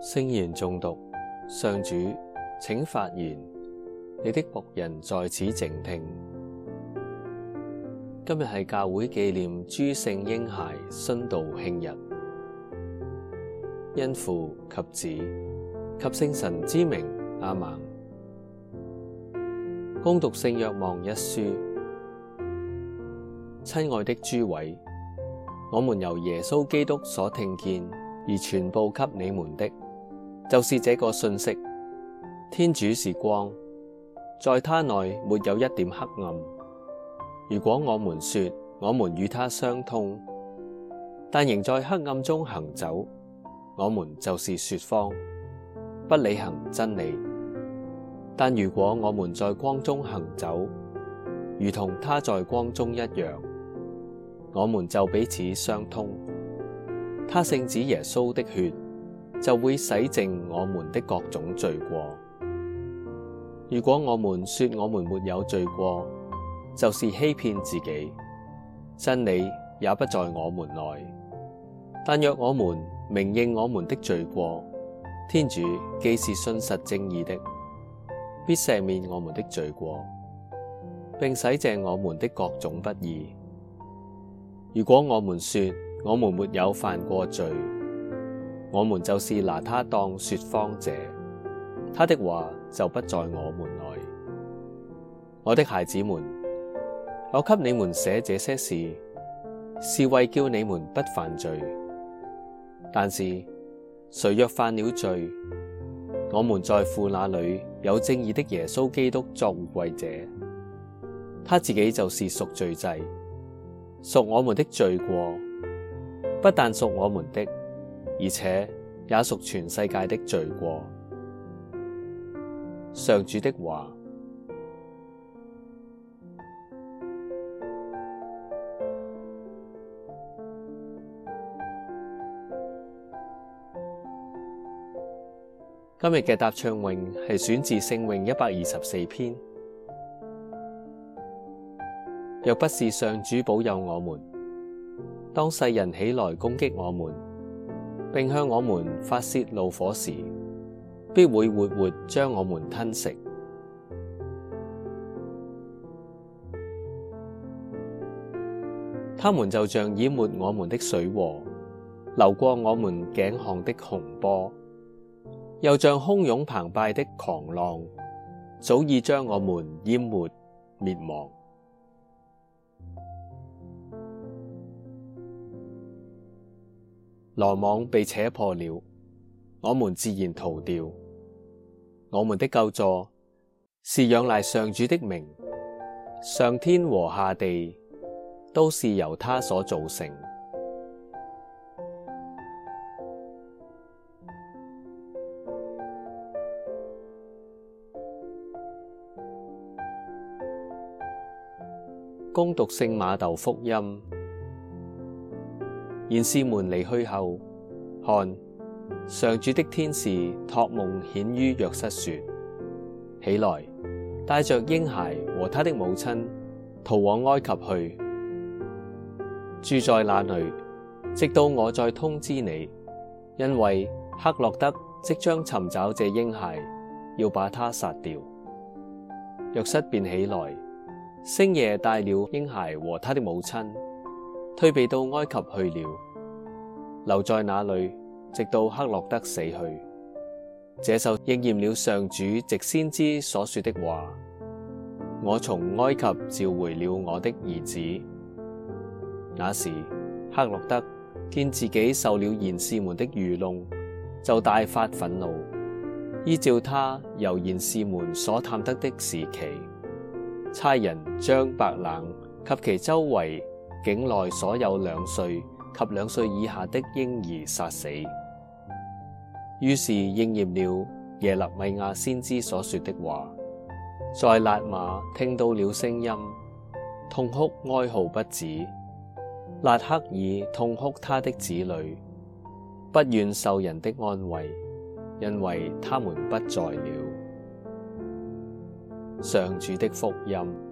聖言誦讀，上主，請發言，你的僕人在此靜聽。今日係教會紀念諸聖嬰孩殉道慶日，因父及子。及聖神之名阿們恭讀聖若望一書，親愛的諸位，我們由耶穌基督所聽見而傳報給你們的，就是這個信息：天主是光，在他內沒有一點黑暗。如果我們說我們與他相通，但仍在黑暗中行走，我們就是說謊。不履行真理，但如果我們在光中行走，如同他在光中一樣，我們就彼此相通。他聖子耶穌的血就會洗淨我們的各種罪過。如果我們說我們沒有罪過，就是欺騙自己，真理也不在我們內。但若我們明認我們的罪過，天主既是信實正義的，必赦免我們的罪過，並洗淨我們的各種不義。如果我們說我們沒有犯過罪，我們就是拿他當說謊者，他的話就不在我們內。我的孩子們，我給你們寫這些事，是為叫你們不犯罪。但是。誰若犯了罪，我們在父那裏有正義的耶穌基督作護衛者，他自己就是贖罪祭，贖我們的罪過，不但贖我們的，而且也贖全世界的罪過。上主的話。今日嘅答唱詠，係選自聖詠一百二十四篇。若不是上主保佑我們，當世人起來攻擊我們，並向我們發洩怒火時，必會活活將我們吞食。他們就像淹沒我們的水禍，流過我們頸項的洪波。又像洶湧澎澎湃的狂浪，早已將我們淹沒滅亡。羅網被扯破了，我們自然逃掉。我們的救助是仰賴上主的名，上天和下地都是由他所造成。恭讀聖瑪竇福音，賢士們離去後，看上主的天使託夢顯於若瑟說：起來，帶着嬰孩和他的母親逃往埃及去，住在那裏，直到我再通知你，因為黑落德即將尋找這嬰孩，要把他殺掉。若瑟便起來。星夜帶了嬰孩和他的母親退避到埃及去了，留在那裏直到黑落德死去。這就應驗了上主藉先知所說的話：我從埃及召回了我的兒子。那時，黑落德見自己受了賢士們的愚弄，就大發忿怒，依照他由賢士們所探得的時期。差人張白冷及其周圍境內所有兩歲及兩歲以下的嬰兒殺死，於是應驗了耶肋米亞先知所說的話。在辣瑪聽到了聲音，痛哭哀號不止。辣黑耳痛哭她的子女，不願受人的安慰，因為他們不在了。上主的福音。